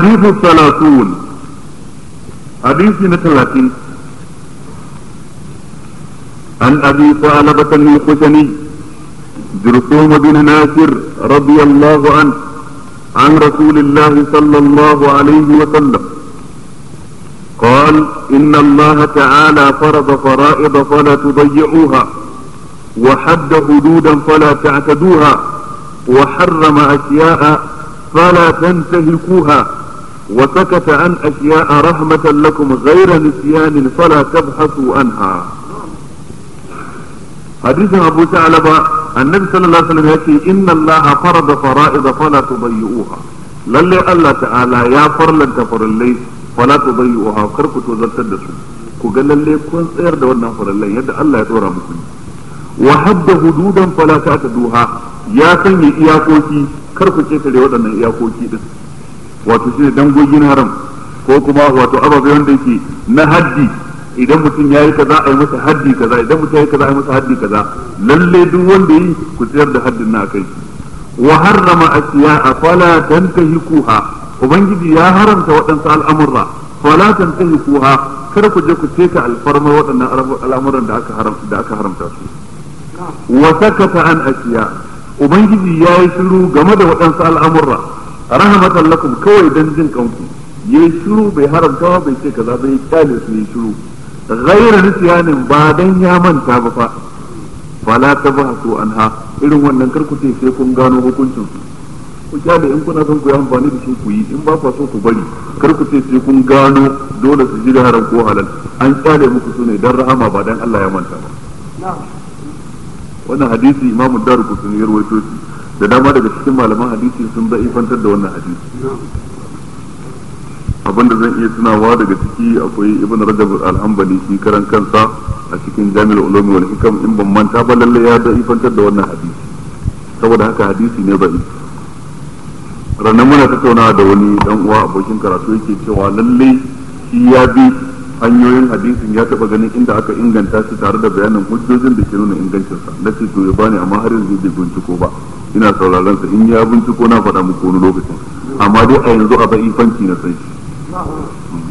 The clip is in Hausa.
الحديث الثلاثون حديث الثلاثين عن أبي طالبة الخشني جرثوم بن ناصر رضي الله عنه عن رسول الله صلى الله عليه وسلم قال إن الله تعالى فرض فرائض فلا تضيعوها وحد حدودا فلا تعتدوها وحرم أشياء فلا تنتهكوها وسكت عن أشياء رحمة لكم غير نسيان فلا تبحثوا عنها حديث أبو ثعلبة النبي صلى الله عليه وسلم يقول إن الله فرض فرائض فلا تضيئوها للي الله تعالى يا فرلن تفرلي فلا تضيئوها كرك تزرت الدسو كقال للي كون سير دولنا فرلي يد الله يتورى مسلم وحد حدودا فلا تعتدوها يا سني إياكوكي كرك تشكري ودنا إياكوكي دسو wato shine dangogin haram ko kuma wato ababe wanda yake na haddi idan mutum ya yi kaza a yi masa haddi kaza idan mutum ya yi kaza a yi masa haddi kaza lalle duk wanda yi ku tsayar da haddin na kai wa harrama a fala kuha ubangiji ya haramta waɗansu al'amurra fala kuha kar ku je ku teka alfarmar waɗannan al'amuran da aka haramta da aka haramta su wa sakata an ubangiji ya yi shiru game da waɗansu al'amurra rahmatan lakum kawai dan jin kanku yayi shiru bai haramta bai ce kaza bai kyale su yayi shiru ghayra nisyanin ba dan ya manta ba fa fala tabahu anha irin wannan karku ce sai kun gano hukuncin ku kyale in kuna son ku yi amfani da shi ku yi in ba ku so ku bari kar ku ce sai kun gano dole su ji da haram ko halal an kyale muku su ne dan rahama ba dan Allah ya manta ba wannan hadisi imamu daru kusuri ya da dama daga cikin malaman hadisi sun ifantar da wannan hadisi abinda zan iya tunawa daga ciki akwai ibn rajab al-hanbali shi karan kansa a cikin jami'ul ulum wal hikam in ban manta ba lalle ya ifantar da wannan hadisi saboda haka hadisi ne bai ranar muna tattaunawa da wani dan uwa abokin karatu yake cewa lalle shi ya bi hanyoyin hadisin ya taba ganin inda aka inganta shi tare da bayanin hujjojin da ke nuna ingancinsa na ce to ya bani amma har yanzu bai binciko ba ina sauraron sa in ya binciko na faɗa muku wani lokacin amma dai a yanzu a bai fanti na sai